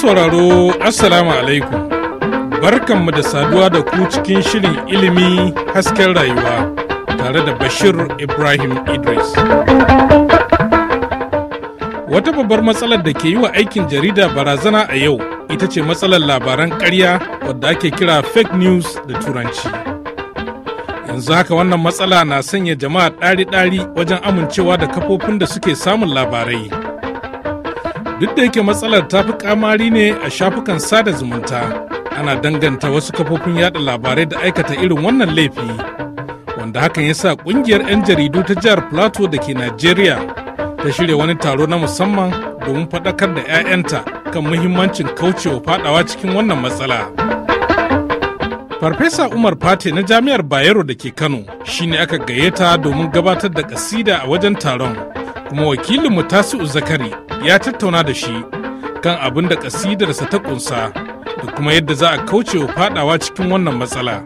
sauraro assalamu alaikum barkanmu da saduwa da ku cikin shirin ilimi hasken rayuwa tare da bashir ibrahim idris wata babbar matsalar da ke yi wa aikin jarida barazana a yau ita ce matsalar labaran karya wadda ake kira fake news da turanci yanzu haka wannan matsala na sanya jama'a ɗari-ɗari wajen amincewa da kafofin da suke samun labarai duk da yake matsalar ta fi kamari ne a shafukan sada zumunta ana danganta wasu kafofin yada labarai da aikata irin wannan laifi wanda hakan ya sa ƙungiyar 'yan jaridu ta jihar plateau da ke Najeriya ta shirya wani taro na musamman domin faɗakar da 'ya'yanta kan muhimmancin kaucewa faɗawa cikin wannan matsala. Farfesa Umar Fate na Jami'ar Bayero da ke Kano shi ne aka gayyata domin gabatar da kasida a wajen taron, kuma Wakilin Tasi'u Zakari ya tattauna da shi kan abin da kasidarsa ta kunsa da kuma yadda za a kauce wa fadawa cikin wannan matsala.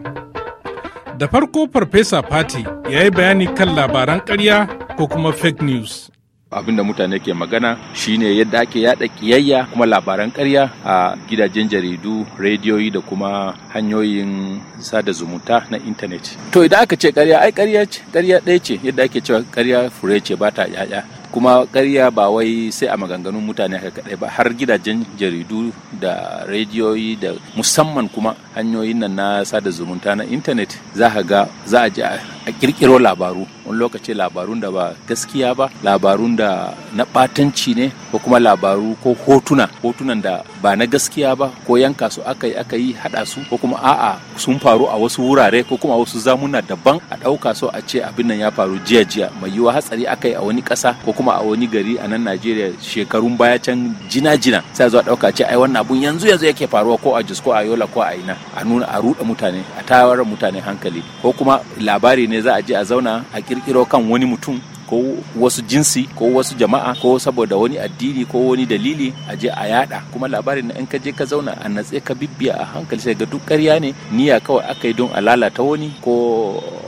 Da farko Farfesa Fate ya yi bayani kan labaran ƙarya ko kuma fake news. abin da mutane ke magana shine yadda ake yada kiyayya kuma labaran karya a gidajen jaridu rediyoyi da kuma hanyoyin sada zumunta na intanet to idan aka ce karya ai karya ce karya ɗaya ce yadda ake cewa karya fure ce ba ta yaya kuma karya ba wai sai a maganganun mutane haka kadai ba har gidajen jaridu da rediyoyi da musamman kuma hanyoyin nan na sada zumunta na intanet za ga za a ji a kirkiro labaru wani lokaci labarun da ba gaskiya ba labarun da na batanci ne ko kuma labaru ko hotuna hotunan da ba na gaskiya ba ko yanka su aka yi aka yi hada su ko kuma a'a sun faru a wasu wurare ko kuma wasu zamuna daban a ɗauka su a ce abin nan ya faru jiya jiya mai yiwa hatsari aka yi a wani kasa ko kuma a wani gari a nan Najeriya shekarun baya can jina jina sai zuwa dauka ce ai wannan abun yanzu yanzu yake faruwa ko a Jos ko a Yola ko a ina a nuna a ruɗa mutane a tawar mutane hankali ko kuma labari ne za a je a zauna a kirkiro kan wani mutum ko wasu jinsi ko wasu jama'a ko saboda wani addini ko wani dalili a je a yada kuma labarin in ka je ka zauna a natse ka bibiya a hankali sai ga duk ƙarya ne niyya kawai aka yi don a lalata wani ko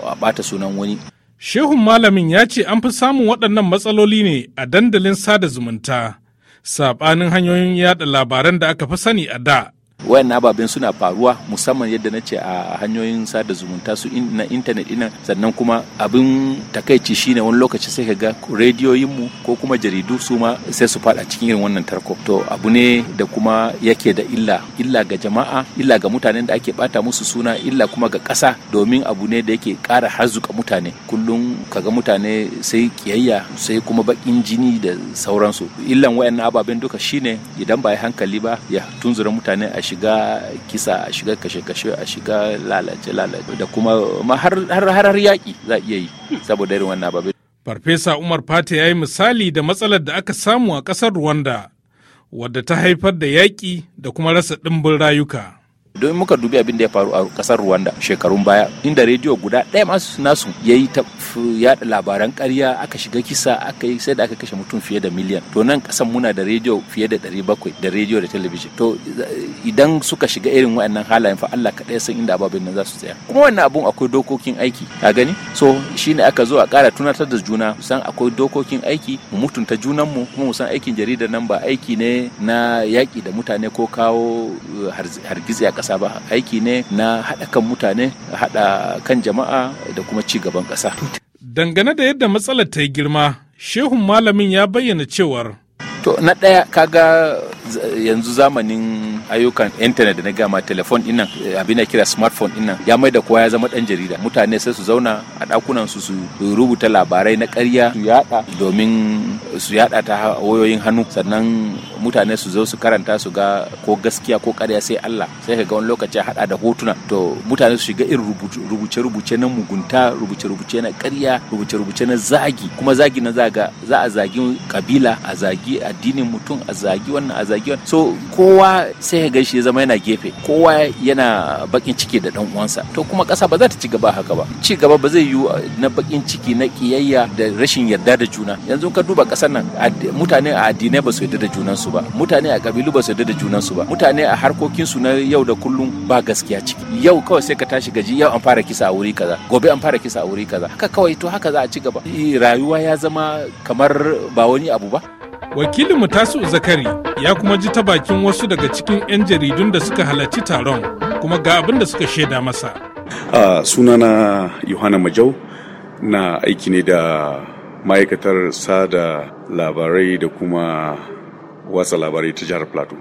a bata sunan wani Shehun malamin ya ce an fi samun waɗannan matsaloli ne a dandalin sada zumunta saɓanin hanyoyin yada labaran da aka fi sani a da wayan ababen suna faruwa musamman yadda na ce a hanyoyin sada zumunta su na intanet ina sannan kuma abin takaici shine wani lokaci sai ka ga rediyoyinmu ko kuma jaridu su ma sai su fada cikin irin wannan tarko to abu ne da kuma yake da illa illa ga jama'a illa ga mutanen da ake bata musu suna illa kuma ga ƙasa domin abu ne da yake ƙara harzuka mutane kullum kaga mutane sai kiyayya sai kuma bakin jini da sauransu illan wayan ababen duka shine idan ba hankali ba ya tunzura mutane a shiga kisa a shiga kashe-kashe a shiga lalace-lalace da kuma har yaƙi za iya yi saboda irin wannan babu. Farfesa Umar Fati ya yi misali da matsalar da aka samu a ƙasar Rwanda wadda ta haifar da yaƙi da kuma rasa ɗimbin rayuka. domin muka dubi abin da ya faru a kasar Rwanda shekarun baya inda rediyo guda ɗaya masu nasu ya yi ta yaɗa labaran ƙarya aka shiga kisa aka yi sai da aka kashe mutum fiye da miliyan to nan kasan muna da rediyo fiye da 700 da rediyo da talabijin to eh, idan suka shiga irin waɗannan halayen fa Allah kaɗai san inda ababen nan za su tsaya kuma wannan abun akwai dokokin aiki a gani so shine aka zo a kara. tunatar da juna san akwai dokokin aiki mu mutunta junanmu kuma mu san aikin jaridar nan ba aiki ne na yaƙi da mutane ko kawo eh, hargitsi a ƙasa ba aiki ne na haɗa kan mutane haɗa kan jama'a da kuma ci gaban ƙasa. dangane da yadda matsalar ta yi girma shehun malamin ya bayyana cewar to na ɗaya kaga yanzu zamanin ayyukan intanet da na gama telefon dinnan eh, abin da kira smartphone dinnan ya mai da kowa ya zama ɗan jarida mutane sai su zauna a ɗakunan su su rubuta labarai na ƙarya su yada domin su yada ta wayoyin hannu sannan mutane su zo su karanta su ga ko gaskiya ko ƙarya sai Allah sai ka ga wani lokaci hada da hotuna to mutane su shiga irin rubuce rubuce na mugunta rubuce rubuce na ƙarya rubuce rubuce na zagi kuma zagi na zaga za a zagi kabila a zagi addinin mutum a zagi wannan a zagi wannan so kowa sai ka ga shi ya zama yana gefe kowa yana bakin ciki da dan uwansa to kuma ƙasa ba za ta ci gaba haka ba ci gaba ba zai yiwu na bakin ciki na kiyayya da rashin yarda da juna yanzu ka duba kasar nan mutane a addinai ba su yarda da junansu ba mutane a kabilu ba su yarda da junansu ba mutane a harkokinsu na yau da kullum ba gaskiya ciki yau kawai sai ka tashi gaji yau an fara kisa a wuri kaza gobe an fara kisa a wuri kaza haka kawai to haka za a ci gaba rayuwa ya zama kamar ba wani abu ba wakilin mu tasu zakari ya kuma ji ta bakin wasu daga cikin 'yan jaridun da suka halarci taron kuma ga abin da suka shaida masa a sunana yohana majau na aiki ne da ma'aikatar sada labarai da kuma watsa labarai ta jihar plateau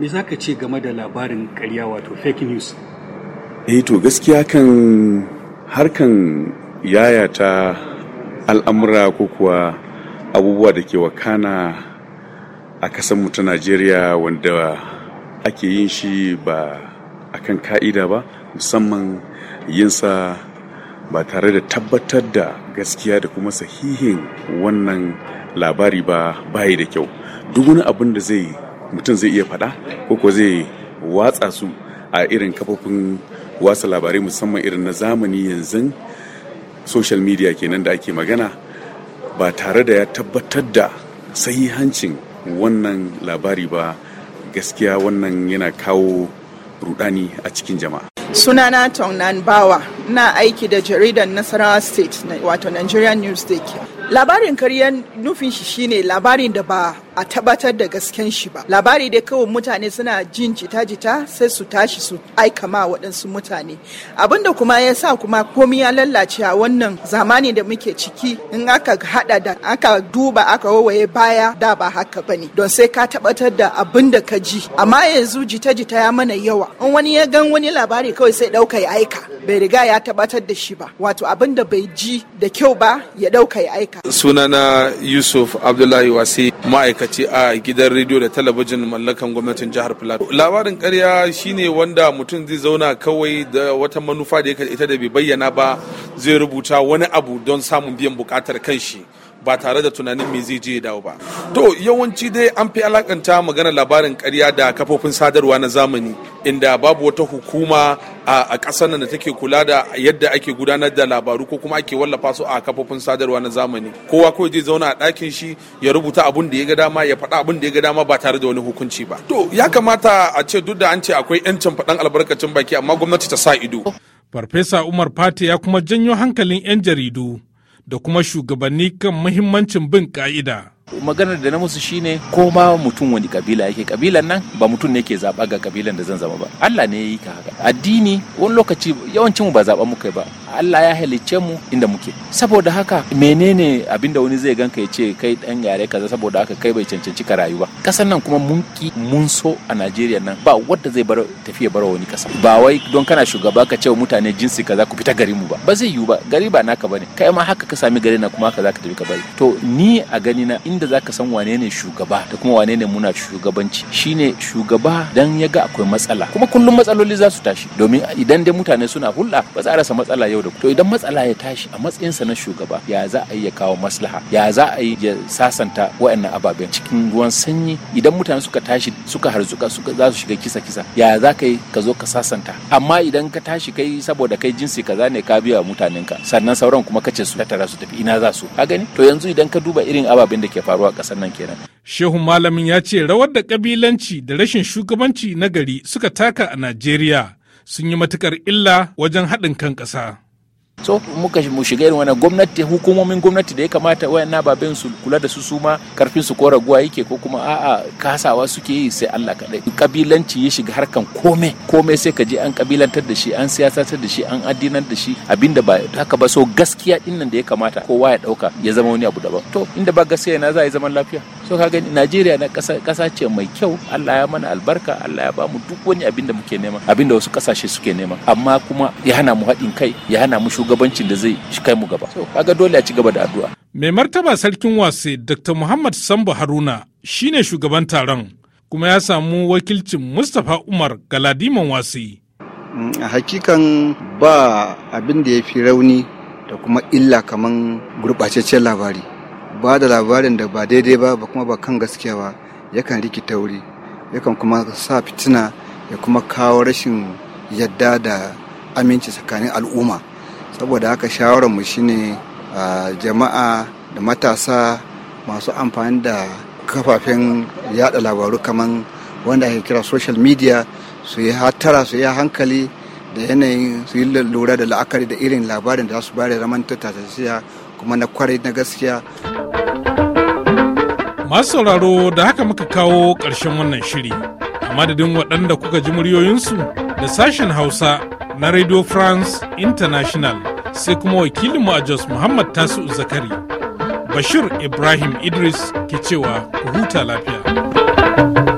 me za ka ce game da labarin karya wato fake news eh to gaskiya kan harkan yayata al'amura ko kuwa abubuwa da ke wakana a kasan ta najeriya wanda ake yin shi ba a kan ka'ida ba musamman yinsa ba tare da tabbatar da gaskiya da kuma sahihin wannan labari ba bayi da kyau duk wani abin da zai mutum zai iya faɗa ko ko zai watsa su a irin kafofin wasa labarai musamman irin na zamani yanzu social media kenan da ake magana ba tare da ya tabbatar da sahihancin wannan labari ba gaskiya wannan yana kawo rudani a cikin jama'a sunana tongnan bawa na aiki da jaridan nasarawa state wato nigerian news day. labarin karyan nufin shi shine labarin da ba a tabbatar da gasken shi ba labari dai kawai mutane suna jin jita-jita sai su tashi su aika ma waɗansu mutane abinda kuma ya sa kuma komi ya lallace a wannan zamani da muke ciki in aka hada da aka duba aka wawaye baya da ba haka ba ne don sai ka tabbatar da abin da ka ji amma yanzu jita-jita ya mana yawa in wani ya gan wani labari kawai sai ɗauka ya aika bai riga ya tabbatar da shi ba wato abin da bai ji da kyau ba ya ɗauka ya aika suna sunana yusuf abdullahi wasi ma'aikaci a gidan rediyo da talabijin mallakan gwamnatin jihar plateau labarin karya shine wanda mutum zai zauna kawai da wata manufa da ita da bai bayyana ba zai rubuta wani abu don samun biyan bukatar kanshi ba tare da tunanin me zai je ya dawo ba to yawanci dai an fi alakanta magana labarin karya da kafofin sadarwa na zamani inda babu wata hukuma a ƙasar nan da take kula da yadda ake gudanar da labaru ko kuma ake wallafa su a kafofin sadarwa na zamani kowa kawai zai zauna a ɗakin shi ya rubuta abun da ya ga dama ya faɗa abun da ya ga dama ba tare da wani hukunci ba to ya kamata a ce duk da an ce akwai 'yancin faɗan albarkacin baki amma gwamnati ta sa ido farfesa umar fati ya kuma janyo hankalin 'yan jaridu da kuma shugabanni kan muhimmancin bin ƙa'ida. maganar da na musu shine ko ma mutum wani kabila yake kabilan nan ba mutum ne ke zaba ga kabilan da zan zama ba Allah ne ya yi ka haka addini wani lokaci yawancin mu ba zaba muka ba Allah ya halicce mu inda muke saboda haka menene abinda wani zai ganka ya ce kai dan yare kaza saboda haka kai bai cancanci ka rayu ba kasan nan kuma mun ki mun so a Najeriya nan ba wanda zai bar tafiya bar wani kasa ba wai don kana shugaba ka ce mutane jinsi kaza ku fita garin mu ba ba zai yiwu ba gari ba naka bane kai ma haka ka sami gari na kuma haka zaka tafi ka bari to ni a gani na inda zaka san wane ne shugaba da kuma wane ne muna shugabanci shine shugaba dan ya ga akwai matsala kuma kullum matsaloli za su tashi domin idan dai mutane suna hulɗa ba za a rasa matsala yau da to idan matsala ya tashi a matsayin sa na shugaba ya za a yi ya kawo maslaha ya za a yi ya sasanta wa'annan ababen cikin ruwan sanyi idan mutane suka tashi suka harzuka suka za su shiga kisa kisa ya za ka yi ka zo ka sasanta amma idan ka tashi kai saboda kai jinsi kaza ne ka biya ka sannan sauran kuma kace su tattara su tafi ina za su ka gani to yanzu idan ka duba irin ababen da ke faru a ƙasar nan kenan. Shehu Malamin ya ce rawar da ƙabilanci da rashin shugabanci na gari suka taka a Najeriya sun yi matukar illa wajen haɗin kan ƙasa. so muka mu shiga irin wani gwamnati hukumomin gwamnati da ya kamata na baben su kula da su suma karfin su ko raguwa yake ko kuma a'a kasawa suke yi sai Allah kadai kabilanci ya shiga harkan kome kome sai ka je an kabilantar da shi an siyasantar da shi an addinar da shi abinda ba haka ba so gaskiya din nan da ya kamata kowa ya dauka ya zama wani abu daban to inda ba gaskiya na za a yi zaman lafiya so ka gani Najeriya na kasa ce mai kyau Allah ya mana albarka Allah ya ba mu duk wani abinda muke nema abinda wasu kasashe suke nema amma kuma ya hana mu haɗin kai ya hana mu shugabancin da zai kai mu gaba kaga dole a ci gaba da addu'a mai martaba sarkin wase dr muhammad sambo haruna shine shugaban taron kuma ya samu wakilcin mustapha umar galadiman wasi mm, a hakikan ba abin da ya fi rauni da kuma illa kaman gurɓataccen labari ba da labarin da ba daidai ba ba kuma ba kan gaskiya ba yakan rikita wuri yakan kuma sa fitina ya kuma kawo rashin yadda da aminci tsakanin al'umma saboda haka shawararmu shine jama'a da matasa masu amfani da kafafen yada labaru kamar wanda ake kira social media su yi hattara su yi hankali da yanayin su yi lura da la'akari da irin labarin da za su bari zaman tattasasiya kuma na kwarai na gaskiya masu sauraro da haka muka kawo ƙarshen wannan shiri a madadin waɗanda kuka ji muryoyinsu da sashen hausa na Radio France International sai kuma wakilinmu a Jos Muhammad tasu Zakari. Bashir Ibrahim Idris ke cewa ku huta lafiya.